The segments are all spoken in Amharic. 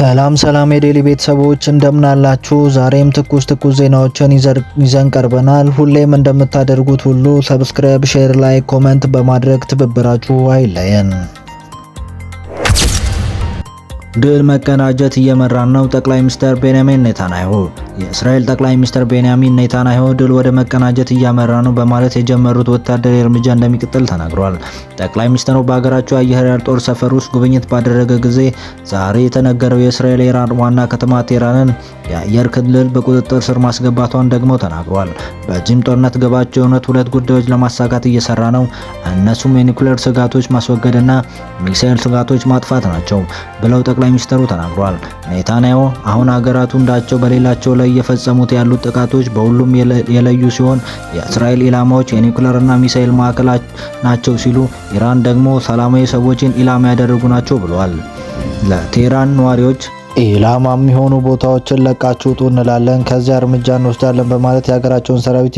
ሰላም ሰላም የዴሊ ቤተሰቦች እንደምን አላችሁ? ዛሬም ትኩስ ትኩስ ዜናዎችን ይዘን ቀርበናል። ሁሌም እንደምታደርጉት ሁሉ ሰብስክራይብ፣ ሼር፣ ላይክ፣ ኮመንት በማድረግ ትብብራችሁ አይለየን። ድል መቀናጀት እየመራን ነው። ጠቅላይ ሚኒስትር ቤንያሚን ኔታንያሁ የእስራኤል ጠቅላይ ሚኒስትር ቤንያሚን ኔታንያሁ ድል ወደ መቀናጀት እያመራ ነው በማለት የጀመሩት ወታደራዊ እርምጃ እንደሚቀጥል ተናግሯል። ጠቅላይ ሚኒስትሩ በሀገራቸው አየር ኃይል ጦር ሰፈር ውስጥ ጉብኝት ባደረገ ጊዜ ዛሬ የተነገረው የእስራኤል ኢራን ዋና ከተማ ቴህራንን የአየር ክልል በቁጥጥር ስር ማስገባቷን ደግሞ ተናግሯል። በዚህም ጦርነት ገባቸው የሆኑት ሁለት ጉዳዮች ለማሳካት እየሰራ ነው። እነሱም የኒኩሌር ስጋቶች ማስወገድና ሚሳኤል ስጋቶች ማጥፋት ናቸው ብለው ጠቅላይ ሚኒስትሩ ተናግሯል። ኔታንያሁ አሁን ሀገራቱ እንዳቸው በሌላቸው ላይ እየፈጸሙት ያሉት ጥቃቶች በሁሉም የለዩ ሲሆን የእስራኤል ኢላማዎች የኒውክሌርና ሚሳኤል ማዕከላት ናቸው ሲሉ ኢራን ደግሞ ሰላማዊ ሰዎችን ኢላማ ያደረጉ ናቸው ብለዋል። ለቴህራን ነዋሪዎች ኢላማ የሚሆኑ ቦታዎችን ለቃችሁ ውጡ እንላለን፣ ከዚያ እርምጃ እንወስዳለን በማለት የሀገራቸውን ሰራዊት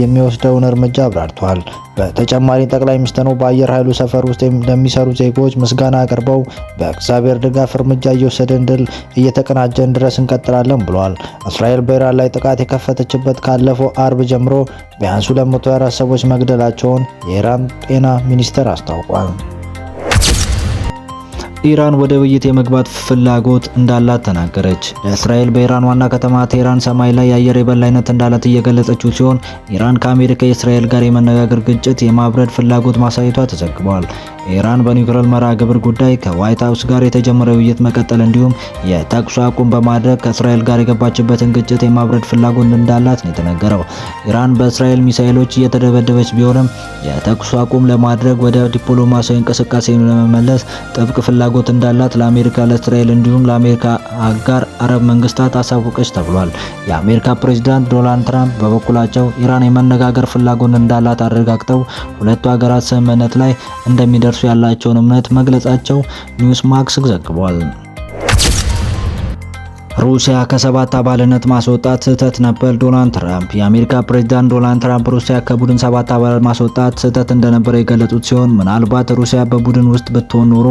የሚወስደውን እርምጃ አብራርተዋል። በተጨማሪ ጠቅላይ ሚኒስትሩ በአየር ኃይሉ ሰፈር ውስጥ ለሚሰሩ ዜጎች ምስጋና አቅርበው በእግዚአብሔር ድጋፍ እርምጃ እየወሰድን ድል እየተቀናጀን ድረስ እንቀጥላለን ብለዋል። እስራኤል በኢራን ላይ ጥቃት የከፈተችበት ካለፈው አርብ ጀምሮ ቢያንስ 224 ሰዎች መግደላቸውን የኢራን ጤና ሚኒስቴር አስታውቋል። ኢራን ወደ ውይይት የመግባት ፍላጎት እንዳላት ተናገረች። እስራኤል በኢራን ዋና ከተማ ቴህራን ሰማይ ላይ የአየር የበላይነት እንዳላት እየገለጸችው ሲሆን ኢራን ከአሜሪካ የእስራኤል ጋር የመነጋገር ግጭት የማብረድ ፍላጎት ማሳየቷ ተዘግቧል። ኢራን በኒውክሌር መርሃ ግብር ጉዳይ ከዋይት ሀውስ ጋር የተጀመረው ውይይት መቀጠል እንዲሁም የተኩስ አቁም በማድረግ ከእስራኤል ጋር የገባችበትን ግጭት የማብረድ ፍላጎት እንዳላት ነው የተነገረው። ኢራን በእስራኤል ሚሳኤሎች እየተደበደበች ቢሆንም የተኩስ አቁም ለማድረግ ወደ ዲፕሎማሲያዊ እንቅስቃሴ ለመመለስ ጥብቅ ፍላጎት እንዳላት ለአሜሪካ፣ ለእስራኤል እንዲሁም ለአሜሪካ አጋር አረብ መንግስታት አሳውቀች ተብሏል። የአሜሪካ ፕሬዚዳንት ዶናልድ ትራምፕ በበኩላቸው ኢራን የመነጋገር ፍላጎት እንዳላት አረጋግጠው ሁለቱ ሀገራት ስምምነት ላይ እንደሚደርሱ ያላቸውን እምነት መግለጻቸው ኒውስ ማክስ ዘግቧል። ሩሲያ ከሰባት አባልነት ማስወጣት ስህተት ነበር ዶናልድ ትራምፕ። የአሜሪካ ፕሬዝዳንት ዶናልድ ትራምፕ ሩሲያ ከቡድን ሰባት አባላት ማስወጣት ስህተት እንደነበረ የገለጹት ሲሆን ምናልባት ሩሲያ በቡድን ውስጥ ብትሆን ኖሮ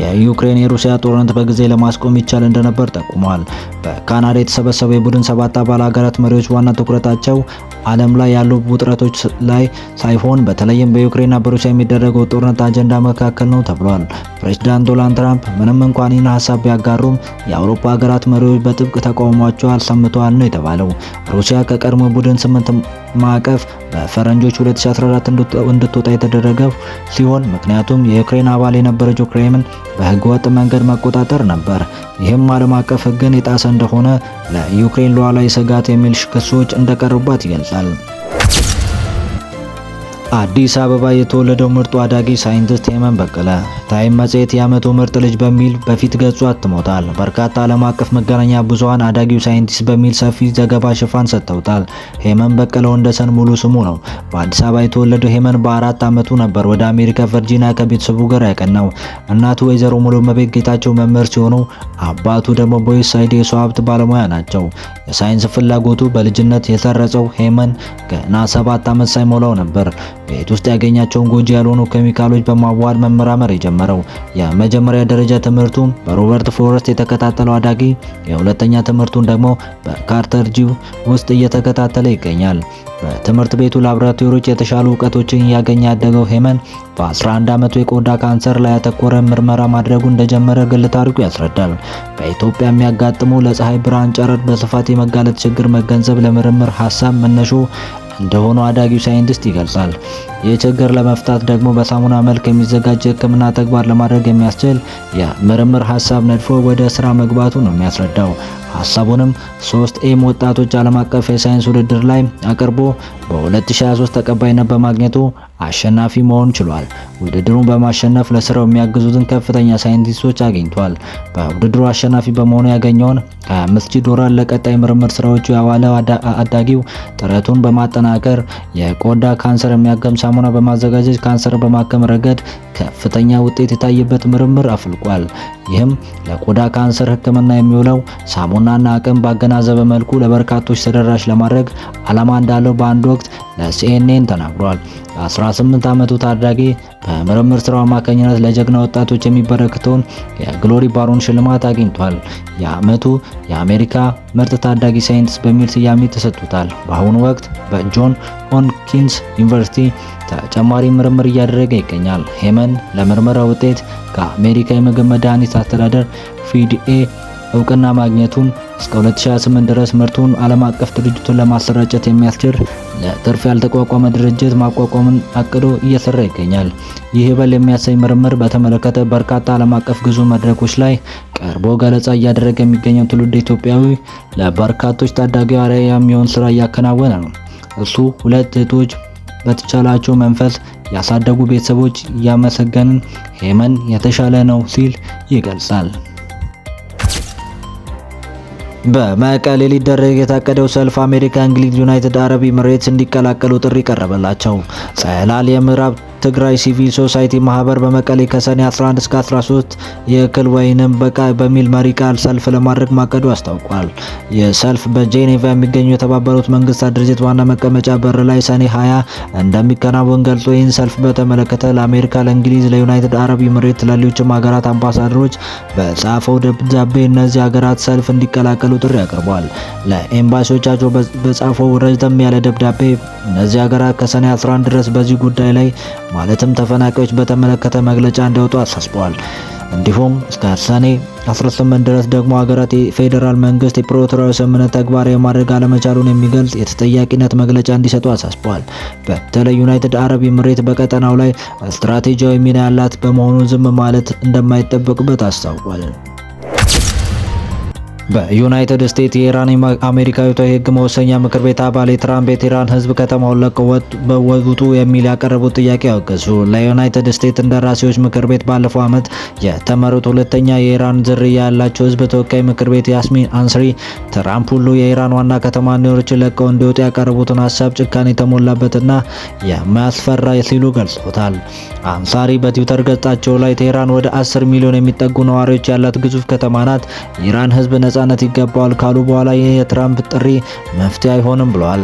የዩክሬን የሩሲያ ጦርነት በጊዜ ለማስቆም ይቻል እንደነበር ጠቁሟል። በካናዳ የተሰበሰበው የቡድን ሰባት አባል ሀገራት መሪዎች ዋና ትኩረታቸው ዓለም ላይ ያሉ ውጥረቶች ላይ ሳይሆን በተለይም በዩክሬንና በሩሲያ የሚደረገው ጦርነት አጀንዳ መካከል ነው ተብሏል። ፕሬዝዳንት ዶናልድ ትራምፕ ምንም እንኳን ይህን ሀሳብ ቢያጋሩም የአውሮፓ ሀገራት መሪዎች በጥብቅ ተቃውሟቸው አሰምተዋል ነው የተባለው። ሩሲያ ከቀድሞ ቡድን ስምንት ማዕቀፍ በፈረንጆች 2014 እንድትወጣ የተደረገ ሲሆን ምክንያቱም የዩክሬን አባል የነበረችው ክሬምን በህገወጥ መንገድ መቆጣጠር ነበር። ይህም ዓለም አቀፍ ህግን የጣሰ እንደሆነ ለዩክሬን ሉዓላዊ ስጋት የሚል ክሶች እንደቀረቡባት ይገልጻል። አዲስ አበባ የተወለደው ምርጡ አዳጊ ሳይንቲስት የመን በቀለ ታይም መጽሔት የዓመቱ ምርጥ ልጅ በሚል በፊት ገጹ አትሞታል። በርካታ ዓለም አቀፍ መገናኛ ብዙሃን አዳጊው ሳይንቲስት በሚል ሰፊ ዘገባ ሽፋን ሰጥተውታል። ሄመን በቀለ ወንደሰን ሙሉ ስሙ ነው። በአዲስ አበባ የተወለደው ሄመን በአራት ዓመቱ ነበር ወደ አሜሪካ ቨርጂኒያ ከቤተሰቡ ጋር ያቀናው። እናቱ ወይዘሮ ሙሉ መቤት ጌታቸው መምህር ሲሆኑ አባቱ ደግሞ ቦይስ ሳይድ የሰው ሀብት ባለሙያ ናቸው። የሳይንስ ፍላጎቱ በልጅነት የተረጸው ሄመን ገና ሰባት ዓመት ሳይሞላው ነበር ቤት ውስጥ ያገኛቸውን ጎጂ ያልሆኑ ኬሚካሎች በማዋሃድ መመራመር ይጀምራል። ጀመረው። የመጀመሪያ ደረጃ ትምህርቱን በሮበርት ፎረስት የተከታተለው አዳጊ የሁለተኛ ትምህርቱን ደግሞ በካርተር ጂው ውስጥ እየተከታተለ ይገኛል። በትምህርት ቤቱ ላብራቶሪዎች የተሻሉ እውቀቶችን እያገኘ ያደገው ሄመን በ11 ዓመቱ የቆዳ ካንሰር ላይ ያተኮረ ምርመራ ማድረጉ እንደጀመረ ግል ታሪኩ ያስረዳል። በኢትዮጵያ የሚያጋጥሙ ለፀሐይ ብርሃን ጨረር በስፋት የመጋለጥ ችግር መገንዘብ ለምርምር ሀሳብ መነሾ እንደሆኑ አዳጊው ሳይንቲስት ይገልጻል። ይህ ችግር ለመፍታት ደግሞ በሳሙና መልክ የሚዘጋጅ የሕክምና ተግባር ለማድረግ የሚያስችል የምርምር ሀሳብ ነድፎ ወደ ስራ መግባቱ ነው የሚያስረዳው። ሀሳቡንም ሶስት ኤም ወጣቶች ዓለም አቀፍ የሳይንስ ውድድር ላይ አቅርቦ በ2023 ተቀባይነት በማግኘቱ አሸናፊ መሆን ችሏል። ውድድሩን በማሸነፍ ለስራው የሚያግዙትን ከፍተኛ ሳይንቲስቶች አግኝቷል። በውድድሩ አሸናፊ በመሆኑ ያገኘውን ከ25000 ዶላር ለቀጣይ ምርምር ስራዎቹ ያዋለው አዳጊው ጥረቱን በማጠናከር የቆዳ ካንሰር የሚያገም ሳሙና በማዘጋጀት ካንሰር በማከም ረገድ ከፍተኛ ውጤት የታየበት ምርምር አፍልቋል። ይህም ለቆዳ ካንሰር ሕክምና የሚውለው ሳሙና ናሙናና አቅም ባገናዘበ መልኩ ለበርካቶች ተደራሽ ለማድረግ ዓላማ እንዳለው በአንድ ወቅት ለሲኤንኤን ተናግሯል። የ18 ዓመቱ ታዳጊ በምርምር ስራው አማካኝነት ለጀግና ወጣቶች የሚበረክተውን የግሎሪ ባሮን ሽልማት አግኝቷል። የዓመቱ የአሜሪካ ምርጥ ታዳጊ ሳይንቲስት በሚል ስያሜ ተሰጥቶታል። በአሁኑ ወቅት በጆን ሆንኪንስ ዩኒቨርሲቲ ተጨማሪ ምርምር እያደረገ ይገኛል። ሄመን ለምርመራ ውጤት ከአሜሪካ የምግብ መድኃኒት አስተዳደር ፊድኤ እውቅና ማግኘቱን እስከ 2028 ድረስ ምርቱን ዓለም አቀፍ ድርጅቱን ለማሰራጨት የሚያስችል ለትርፍ ያልተቋቋመ ድርጅት ማቋቋምን አቅዶ እየሰራ ይገኛል። ይህ ይበል የሚያሰኝ ምርምር በተመለከተ በርካታ ዓለም አቀፍ ግዙ መድረኮች ላይ ቀርቦ ገለጻ እያደረገ የሚገኘው ትውልድ ኢትዮጵያዊ ለበርካቶች ታዳጊ አርአያ የሚሆን ስራ እያከናወነ ነው። እሱ ሁለት እህቶች በተቻላቸው መንፈስ ያሳደጉ ቤተሰቦች እያመሰገንን ሄመን የተሻለ ነው ሲል ይገልጻል። በመቀሌ ሊደረግ የታቀደው ሰልፍ አሜሪካ፣ እንግሊዝ፣ ዩናይትድ አረብ ኤምሬትስ እንዲቀላቀሉ ጥሪ ቀረበላቸው። ጸላል የምዕራብ ትግራይ ሲቪል ሶሳይቲ ማህበር በመቀሌ ከሰኔ 11 እስከ 13 የክል ወይንም በቃ በሚል መሪ ቃል ሰልፍ ለማድረግ ማቀዱ አስታውቋል። የሰልፍ በጄኔቫ የሚገኙ የተባበሩት መንግስታት ድርጅት ዋና መቀመጫ በር ላይ ሰኔ 20 እንደሚከናወን ገልጾ ይህን ሰልፍ በተመለከተ ለአሜሪካ፣ ለእንግሊዝ፣ ለዩናይትድ አረብ ኤምሬት ለሌሎችም ሀገራት አምባሳደሮች በጻፈው ደብዳቤ እነዚህ ሀገራት ሰልፍ እንዲቀላቀሉ ጥሪ አቅርቧል። ለኤምባሲዎቻቸው በጻፈው ረዘም ያለ ደብዳቤ እነዚህ ሀገራት ከሰኔ 11 ድረስ በዚህ ጉዳይ ላይ ማለትም ተፈናቃዮች በተመለከተ መግለጫ እንዲያወጡ አሳስበዋል። እንዲሁም እስከ ሰኔ 18 ድረስ ደግሞ ሀገራት የፌዴራል መንግስት የፕሪቶሪያው ስምምነት ተግባራዊ ማድረግ አለመቻሉን የሚገልጽ የተጠያቂነት መግለጫ እንዲሰጡ አሳስበዋል። በተለይ ዩናይትድ አረብ ኤምሬት በቀጠናው ላይ ስትራቴጂያዊ ሚና ያላት በመሆኑ ዝም ማለት እንደማይጠበቅበት አስታውቋል። በዩናይትድ ስቴትስ የኢራን አሜሪካዊቷ የህግ መወሰኛ ምክር ቤት አባል የትራምፕ የኢራን ህዝብ ከተማውን ለቀው ውጡ የሚል ያቀረቡት ጥያቄ ያወገዙ። ለዩናይትድ ስቴትስ እንደራሴዎች ምክር ቤት ባለፈው ዓመት የተመሩት ሁለተኛ የኢራን ዝርያ ያላቸው ህዝብ ተወካይ ምክር ቤት ያስሚን አንስሪ ትራምፕ ሁሉ የኢራን ዋና ከተማ ኒውዮርክ ለቀው እንዲወጡ ያቀረቡትን ሀሳብ ጭካኔ የተሞላበትና የማያስፈራ ሲሉ ገልጸውታል። አንሳሪ በትዊተር ገጻቸው ላይ ቴህራን ወደ 10 ሚሊዮን የሚጠጉ ነዋሪዎች ያላት ግዙፍ ከተማ ናት። ህዝብ ነጻ ነጻነት ይገባዋል ካሉ በኋላ ይህ የትራምፕ ጥሪ መፍትሄ አይሆንም ብለዋል።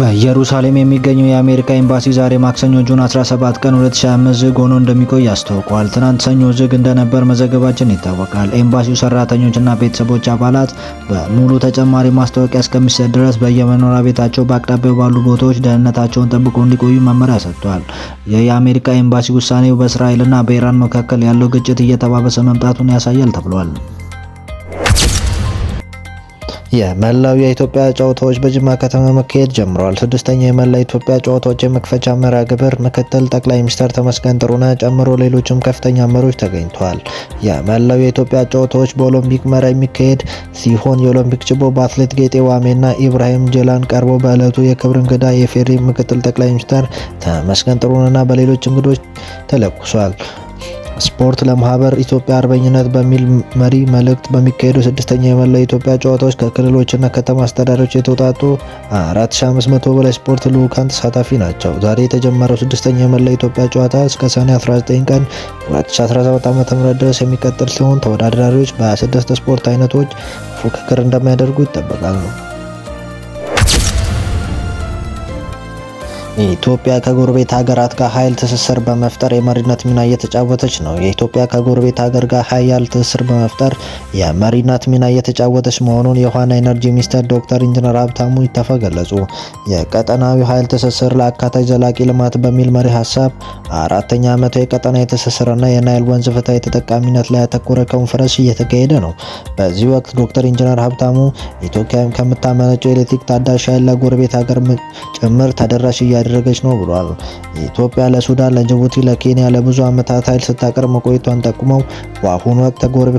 በኢየሩሳሌም የሚገኘው የአሜሪካ ኤምባሲ ዛሬ ማክሰኞ ጁን 17 ቀን 2025 ዝግ ሆኖ እንደሚቆይ አስታውቋል። ትናንት ሰኞ ዝግ እንደነበር መዘገባችን ይታወቃል። ኤምባሲው ሰራተኞችና ቤተሰቦች አባላት በሙሉ ተጨማሪ ማስታወቂያ እስከሚሰጥ ድረስ በየመኖሪያ ቤታቸው በአቅራቢያው ባሉ ቦታዎች ደህንነታቸውን ጠብቆ እንዲቆዩ መመሪያ ሰጥቷል። ይህ የአሜሪካ ኤምባሲ ውሳኔው በእስራኤልና በኢራን መካከል ያለው ግጭት እየተባበሰ መምጣቱን ያሳያል ተብሏል። የመላው የኢትዮጵያ ጨዋታዎች በጅማ ከተማ መካሄድ ጀምረዋል። ስድስተኛው የመላ ኢትዮጵያ ጨዋታዎች የመክፈቻ መርሃ ግብር ምክትል ጠቅላይ ሚኒስትር ተመስገን ጥሩነህ ጨምሮ ሌሎችም ከፍተኛ መሪዎች ተገኝተዋል። የመላው የኢትዮጵያ ጨዋታዎች በኦሎምፒክ መራ የሚካሄድ ሲሆን የኦሎምፒክ ችቦ በአትሌት ጌጤ ዋሜና ኢብራሂም ጀላን ቀርቦ በዕለቱ የክብር እንግዳ የፌሪ ምክትል ጠቅላይ ሚኒስትር ተመስገን ጥሩነህና በሌሎች እንግዶች ተለኩሷል። ስፖርት ለማህበር ኢትዮጵያ አርበኝነት በሚል መሪ መልእክት በሚካሄዱ ስድስተኛ የመላ ኢትዮጵያ ጨዋታዎች ከክልሎችና ከተማ አስተዳደሮች የተውጣጡ 4500 በላይ ስፖርት ልዑካን ተሳታፊ ናቸው። ዛሬ የተጀመረው ስድስተኛ የመላ ኢትዮጵያ ጨዋታ እስከ ሰኔ 19 ቀን 2017 ዓ ም ድረስ የሚቀጥል ሲሆን ተወዳዳሪዎች በ26 ስፖርት አይነቶች ፉክክር እንደሚያደርጉ ይጠበቃል ነው ኢትዮጵያ ከጎረቤት ሀገራት ጋር ኃይል ትስስር በመፍጠር የመሪነት ሚና እየተጫወተች ነው። የኢትዮጵያ ከጎረቤት ሀገር ጋር ኃያል ትስስር በመፍጠር የመሪነት ሚና እየተጫወተች መሆኑን የውሃና ኢነርጂ ሚኒስትር ዶክተር ኢንጂነር ሀብታሙ ኢተፋ ገለጹ። የቀጠናዊ ኃይል ትስስር ለአካታች ዘላቂ ልማት በሚል መሪ ሀሳብ አራተኛ ዓመቱ የቀጠና የትስስርና የናይል ወንዝ ፍትሐዊ ተጠቃሚነት ላይ ያተኮረ ኮንፈረንስ እየተካሄደ ነው። በዚህ ወቅት ዶክተር ኢንጂነር ሀብታሙ ኢትዮጵያ ከምታመነጨው ኤሌክትሪክ ታዳሽ ኃይል ለጎረቤት ሀገር ጭምር ተደራሽ እያ እያደረገች ነው ብሏል። ኢትዮጵያ ለሱዳን፣ ለጅቡቲ፣ ለኬንያ ለብዙ ዓመታት ኃይል ስታቀርብ መቆየቷን ጠቁመው በአሁኑ ወቅት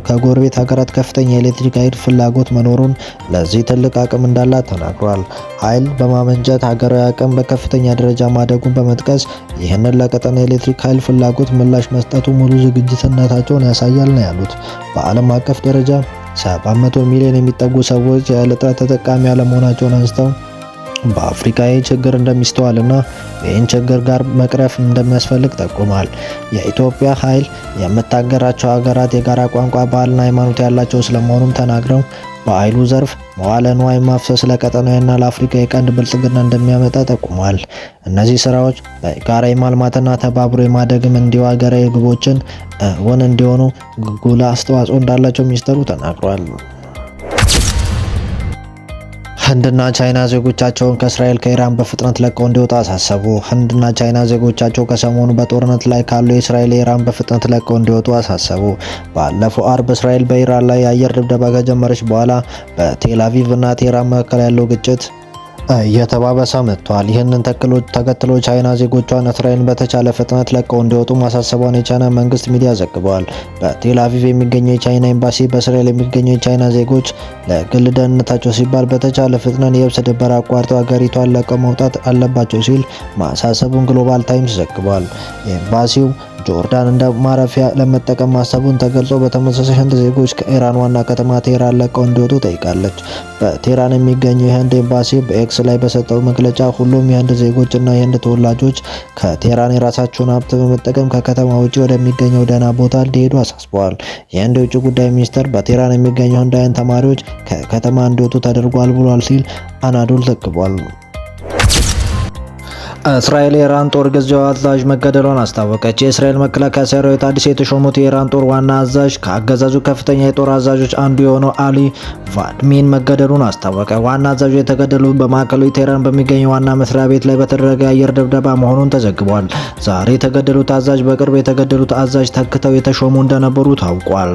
ከጎረቤት ሀገራት ከፍተኛ የኤሌክትሪክ ኃይል ፍላጎት መኖሩን ለዚህ ትልቅ አቅም እንዳላት ተናግሯል። ኃይል በማመንጨት ሀገራዊ አቅም በከፍተኛ ደረጃ ማደጉን በመጥቀስ ይህንን ለቀጠና የኤሌክትሪክ ኃይል ፍላጎት ምላሽ መስጠቱ ሙሉ ዝግጅትነታቸውን ያሳያል ነው ያሉት። በዓለም አቀፍ ደረጃ 700 ሚሊዮን የሚጠጉ ሰዎች የኃይል እጥረት ተጠቃሚ አለመሆናቸውን አንስተው በአፍሪካ ይህ ችግር እንደሚስተዋልና ይህን ችግር ጋር መቅረፍ እንደሚያስፈልግ ጠቁሟል። የኢትዮጵያ ኃይል የምታገራቸው ሀገራት የጋራ ቋንቋ፣ ባህልና ሃይማኖት ያላቸው ስለመሆኑም ተናግረው በኃይሉ ዘርፍ መዋለ ንዋይ ማፍሰስ ለቀጠናዊና ለአፍሪካ የቀንድ ብልጽግና እንደሚያመጣ ጠቁሟል። እነዚህ ስራዎች በጋራ የማልማትና ተባብሮ የማደግም እንዲሁ ሀገራዊ ግቦችን እውን እንዲሆኑ ጉላ አስተዋጽኦ እንዳላቸው ሚኒስተሩ ተናግሯል። ህንድና ቻይና ዜጎቻቸውን ከእስራኤል ከኢራን በፍጥነት ለቀው እንዲወጡ አሳሰቡ። ህንድና ቻይና ዜጎቻቸው ከሰሞኑ በጦርነት ላይ ካሉ የእስራኤል ኢራን በፍጥነት ለቀው እንዲወጡ አሳሰቡ። ባለፈው አርብ እስራኤል በኢራን ላይ የአየር ድብደባ ከጀመረች በኋላ በቴል አቪቭ እና ቴህራን መካከል ያለው ግጭት እየተባባሰ መጥቷል። ይህንን ተከትሎ ቻይና ዜጎቿን እስራኤልን በተቻለ ፍጥነት ለቀው እንዲወጡ ማሳሰቧን የቻይና መንግስት ሚዲያ ዘግበዋል። በቴል አቪቭ የሚገኘው የቻይና ኤምባሲ በእስራኤል የሚገኘው የቻይና ዜጎች ለግል ደህንነታቸው ሲባል በተቻለ ፍጥነት የብስ ድንበር አቋርጠው ሀገሪቷን ለቀው መውጣት አለባቸው ሲል ማሳሰቡን ግሎባል ታይምስ ዘግቧል። ኤምባሲው ጆርዳን እንደ ማረፊያ ለመጠቀም ማሰቡን ተገልጾ በተመሳሳይ ህንድ ዜጎች ከኢራን ዋና ከተማ ቴህራን ለቀው እንዲወጡ ጠይቃለች። በቴህራን የሚገኘው የህንድ ኤምባሲ በኤክስ ላይ በሰጠው መግለጫ ሁሉም የህንድ ዜጎች እና የህንድ ተወላጆች ከቴህራን የራሳቸውን ሀብት በመጠቀም ከከተማ ውጭ ወደሚገኘው ደህና ቦታ እንዲሄዱ አሳስበዋል። የህንድ የውጭ ጉዳይ ሚኒስቴር በቴህራን የሚገኘው ህንዳውያን ተማሪዎች ከከተማ እንዲወጡ ተደርጓል ብሏል ሲል አናዶል ዘግቧል። እስራኤል የኢራን ጦር ጊዜያዊ አዛዥ መገደሏን አስታወቀች። የእስራኤል መከላከያ ሰራዊት አዲስ የተሾሙት የኢራን ጦር ዋና አዛዥ ከአገዛዙ ከፍተኛ የጦር አዛዦች አንዱ የሆነው አሊ ቫድሚን መገደሉን አስታወቀ። ዋና አዛዡ የተገደሉት በማዕከላዊ ቴህራን በሚገኘ ዋና መስሪያ ቤት ላይ በተደረገ የአየር ድብደባ መሆኑን ተዘግቧል። ዛሬ የተገደሉት አዛዥ በቅርብ የተገደሉት አዛዥ ተክተው የተሾሙ እንደነበሩ ታውቋል።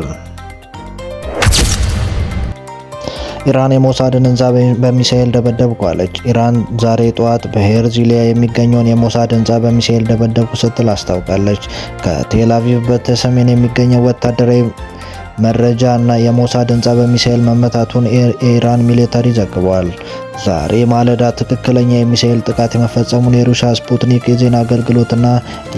ኢራን የሞሳድን ህንፃ በሚሳኤል ደበደብኩ አለች። ኢራን ዛሬ ጠዋት በሄርዚሊያ የሚገኘውን የሞሳድ ህንፃ በሚሳኤል ደበደብኩ ስትል አስታውቃለች። ከቴላቪቭ በተሰሜን የሚገኘው ወታደራዊ መረጃ እና የሞሳድ ህንፃ በሚሳኤል መመታቱን የኢራን ሚሊተሪ ዘግቧል። ዛሬ ማለዳ ትክክለኛ የሚሳኤል ጥቃት የመፈጸሙን የሩሲያ ስፑትኒክ የዜና አገልግሎትና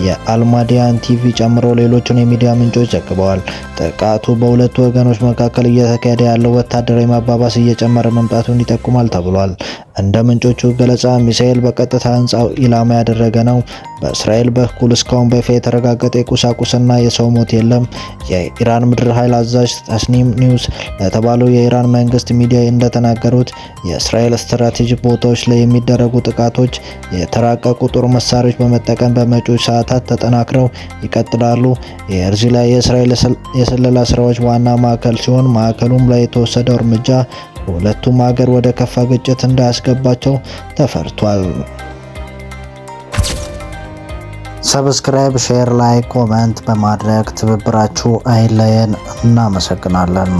የአልማዲያን ቲቪ ጨምሮ ሌሎቹን የሚዲያ ምንጮች ዘግበዋል። ጥቃቱ በሁለቱ ወገኖች መካከል እየተካሄደ ያለው ወታደራዊ ማባባስ እየጨመረ መምጣቱን ይጠቁማል ተብሏል። እንደ ምንጮቹ ገለጻ ሚሳኤል በቀጥታ ሕንፃው ኢላማ ያደረገ ነው። በእስራኤል በኩል እስካሁን በይፋ የተረጋገጠ የቁሳቁስና የሰው ሞት የለም። የኢራን ምድር ኃይል አዛዥ ታስኒም ኒውስ ለተባለው የኢራን መንግስት ሚዲያ እንደተናገሩት የእስራኤል ስትራቴጂክ ቦታዎች ላይ የሚደረጉ ጥቃቶች የተራቀቁ ጦር መሳሪያዎች በመጠቀም በመጪው ሰዓታት ተጠናክረው ይቀጥላሉ። የኤርዚ ላይ የእስራኤል የስለላ ስራዎች ዋና ማዕከል ሲሆን ማዕከሉም ላይ የተወሰደው እርምጃ በሁለቱም ሀገር ወደ ከፋ ግጭት እንዳያስገባቸው ተፈርቷል። ሰብስክራይብ፣ ሼር ላይ ኮመንት በማድረግ ትብብራችሁ አይለየን። እናመሰግናለን።